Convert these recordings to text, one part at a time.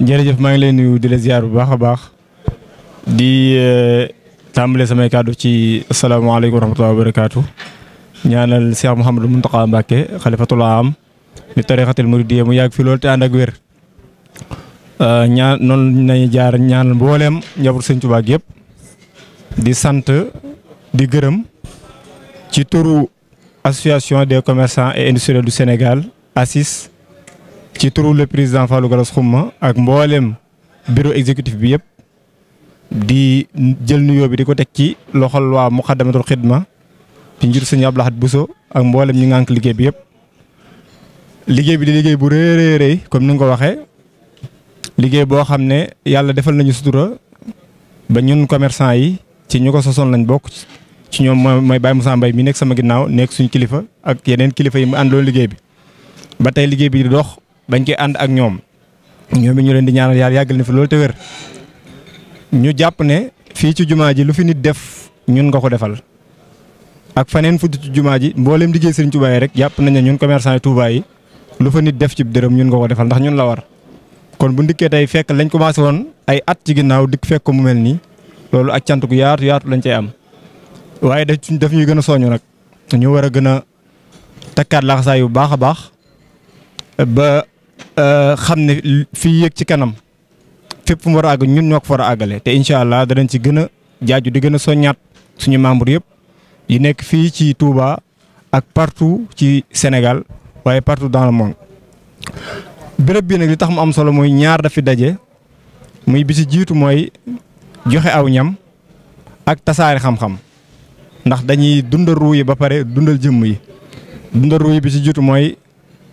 jërëjëf maa ngi lay nuyu di la ziar bu baax a baax di euh, tàmbale samay kàddu ci asalaamaaleykum wa rahmatulah wa barakaatu ñaanal Cheikh Mouhamadou Mountakha Mbacké xalifatul am li tariqatil muridiyya mu yàgg fi loolu te ànd ak wér. Euh, ñaan noonu nañu jaar ñaanal mbooleem njabootu Sëñ Tuubaa yëpp di sant di gërëm ci turu association des commercant et industriels du Sénégal ACIS. ci turu le président Fallou Gallas Xumma ak mboolem bureau exécutif bi yëpp di jël nuyoo bi di ko teg ci loxol waa Muqaddamatul Xidma ci njur sëñ Abdou Lahad Bousso ak mboolem ñi ngànk liggéey bi yëpp. liggéey bi di liggéey bu rëy rëy comme ni nga ko waxee liggéey boo xam ne yàlla defal nañu sutura ba ñun commerçant yi ci ñu ko sosoon lañ bokk ci ñoom mooy Baye Moussa mbay mi nekk sama ginnaaw nekk suñu kilifa ak yeneen kilifa yi mu àndoo liggéey bi liggéey bi bañ koy ànd ak ñoom ñoom it ñu leen di ñaanal yàlla yàggal na fi loolu te wér ñu jàpp ne fii ci jumaa ji lu fi nit def ñun nga ko defal ak faneen fu ci jumaa ji mboolem liggéey Sëriñ Tuubaa yi rek jàpp nañ ne ñun commerçant yi Tuubaa yi lu fa nit def ci dërëm ñun nga ko defal ndax ñun la war kon bu ndikkee tey fekk lañ commencé woon ay at ci ginnaaw dikk fekk ko mu mel nii loolu ak cant gu yaatu yaatu lañ cay am waaye daf daf ñuy gën a soñu nag ñu war a gën a takkaat laxasaay yu baax a baax Euh, xam ne fii yéeg ci kanam fépp fu mu war a àgg ñun ñoo ko fa war a àggale te incha allah danañ ci gën a jaaju di gën a soññaat suñu membre yëpp yi nekk fii ci Touba ak partout ci Sénégal waaye partout dans le monde. béréb bi nag li tax mu am solo mooy ñaar dafi daje muy bi ci jiitu mooy joxe aw ñam ak tasaari xam-xam ndax dañuy dundal ruu yi ba pare dundal jëmm yi dundal ruu yi jiitu mooy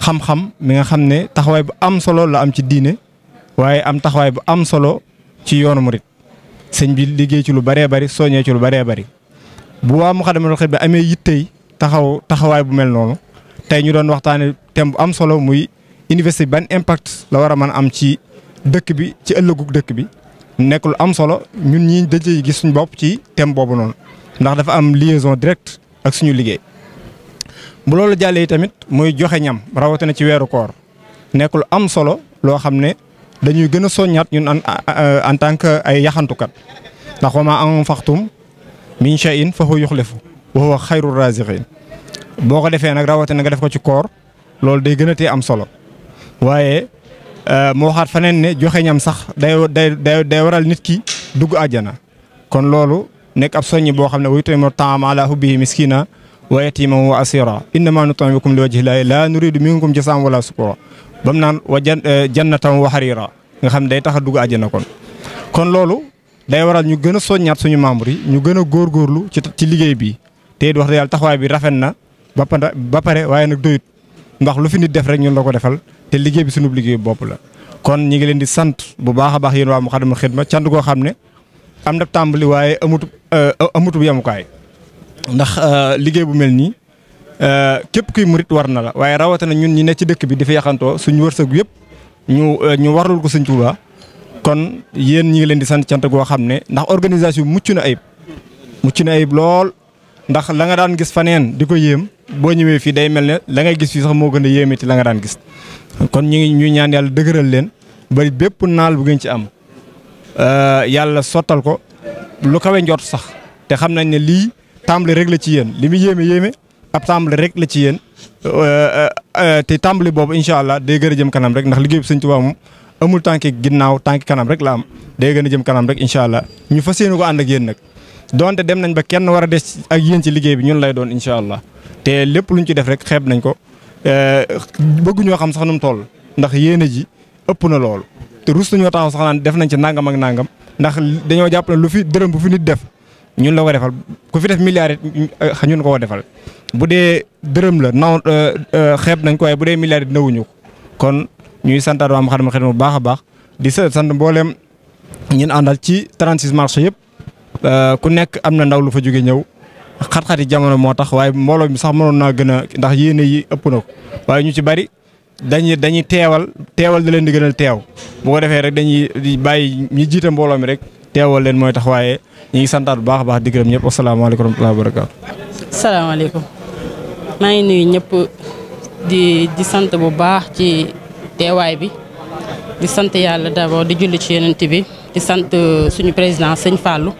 xam-xam mi nga xam ne taxawaay bu am solo la am ci diine waaye am taxawaay bu am solo ci yoonu murit sëñ bi liggéey ci lu baree bari soññee ci lu baree bari bu waa Moukhaddamatoul bi amee yittey taxaw taxawaay bu mel noonu tey ñu doon waxtaane thème bu am solo muy université ban impact la war a mën am ci dëkk bi ci ëllëgu dëkk bi nekk lu am solo ñun ñii dañ ciy gis suñu bopp ci thème boobu noonu ndax dafa am liaison direct ak suñu liggéey. bu loolu jàllee tamit muy joxe ñam rawatina ci weeru koor nekk lu am solo loo xam ne dañuy gën a soññaat ñun en tant que ay yaxantukat ndax wa maa anfaqtum min shay'in fa huwa yukhlifu wa huwa xayru raziqin boo ko defee nag rawatina nga def ko ci koor loolu day gën a tee am solo waaye euh, moo waxaat faneen ne joxe ñam sax day day day waral nit ki dugg àjjana kon loolu nekk ab soññi boo xam ne wuy tamit taam ala hubbihi miskina waaye wa yatiman wa asira innama nut'imukum li wajhi llahi la nuridu minkum jazaa'an wala shukura ba mu naan wa jan jan jannatan wa harira nga xam ne day tax a dugg àjjana kon kon loolu day waral ñu gën a soññaat suñu membre yi ñu gën a góorlu ci ci liggéey bi te it wax dëgg yàlla taxawaay bi rafet na ba pare waaye nag doyut ndax lu fi nit def rek ñun la ko defal te liggéey bi suñu liggéey bopp la kon ñi ngi leen di sant bu baax a baax yéen waa Moukhaddamatoul Khidma cant koo xam ne am na tàmbali waaye amutub euh, amutub yemukaay ndax euh, liggéey bu mel nii euh, képp kuy murit war na la waaye rawatina ñun ñi ne ci dëkk bi di fi yaxantoo suñu wërsëg yëpp ñu euh, ñu warlul ko Sëñ Tuubaa kon yéen ñi ngi leen di sant cant goo xam ne ndax organisation mucc na ayib mucc na ayib lool ndax la nga daan gis faneen di ko yéem boo ñëwee fii day mel ne la nga gis fii sax moo gën a yéeme ci la nga daan gis kon ñu ngi ñuy ñaan yàlla dëgëral leen bari bépp naal bu ngeen ci am yàlla sottal ko lu kawe njort sax te xam nañ tàmbali rek la ci yéen li mu yéeme yéeme ab tàmbali rek la ci yéen euh, euh, euh, te tàmbali boobu incha allah day gën a jëm kanam rek ndax liggéey bi sëñ Tuubaa moom amul ginnaaw tànki kanam rek la am day gën a jëm kanam rek incha allah ñu fa yéene ko ànd ak yéen nag donte dem nañ ba kenn war a des ak yéen ci liggéey bi ñun lay doon incha allah te lépp lu ñu ci def rek xeeb nañ ko bëggu bëgguñoo xam sax nu mu toll ndax yéene ji ëpp na loolu te rus nañoo taxaw sax naan def nañ ci nàngam ak nangam ndax dañoo jàpp ne lu fi dërëm bu fi nit def ñun la ko defal ku fi def milliard eh, ñun ko defal bu dee dërëm la naw eh, eh, xeeb nañ ko waaye bu dee milliard it ko kon ñuy santaat waa Moukhaddamatoul Khidma bu baax a baax di sa sant mbooleem ñun àndal ci 36 marché yëpp ku nekk am na ndaw lu fa jóge ñëw xat-xati jamono moo tax waaye mbooloo mi sax mënoon naa gën a ndax yéene yi ëpp na ko waaye ñu ci bari dañuy dañuy teewal teewal da leen di gënal teew bu ko defee rek dañuy bàyyi ñu jiite mbooloo mi rek teewal leen mooy tax waaye ñu ngi santaat bu baax a baax di gërëm ñëpp wasalaamaaleykum wa rahmatulah wa barakaatu. salaamaaleykum maa ngi nuyu ñëpp di di sant bu baax ci teewaay bi di sant yàlla d'abord di julli ci yeneenti bi di sant suñu président sëñ Fallou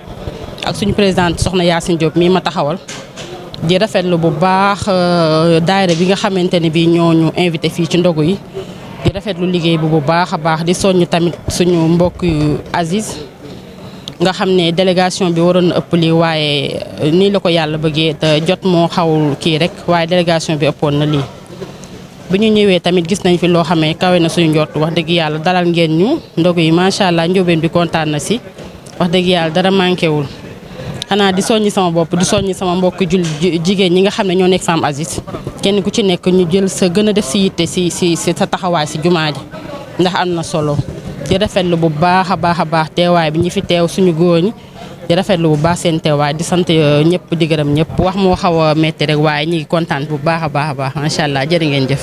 ak suñu présidente soxna Yacine Diop mii ma taxawal. di rafet lu bu baax euh, daayira bi nga xamante ni bii ñooñu invité fii ci ndogu yi di rafetlu liggéey bi bu baax a baax di soññ tamit suñu mbokk yu Aziz. nga xam ne délégation bi waroon na ëpp lii waaye euh, nii la ko yàlla bëggee te jot moo xaw kii rek waaye délégation bi ëppoon na lii. bu ñu ñëwee tamit gis nañ fi loo xamee kawe na suñu njort wax dëgg yàlla dalal ngeen ñu ndogu yi macha allah njóobeen bi kontaan na si wax dëgg yàlla dara manqué wul. xanaa di soññi sama bopp di soññi sama mbokk jul jigéen ñi nga xam ne ñoo nekk Femme Aziz kenn ku ci nekk ñu jël sa gën a def si yitte si si si sa taxawaay si jumaa ji ndax am na solo. di rafetlu bu baax a baax a baax bi ñi fi teew suñu góor ñi di rafetlu bu baax seen teewaay di sant euh, ñëpp di gërëm ñëpp wax moo xaw a metti rek waaye ñu ngi kontaan bu baax a baax a baax macha allah jërë ngeen jëf.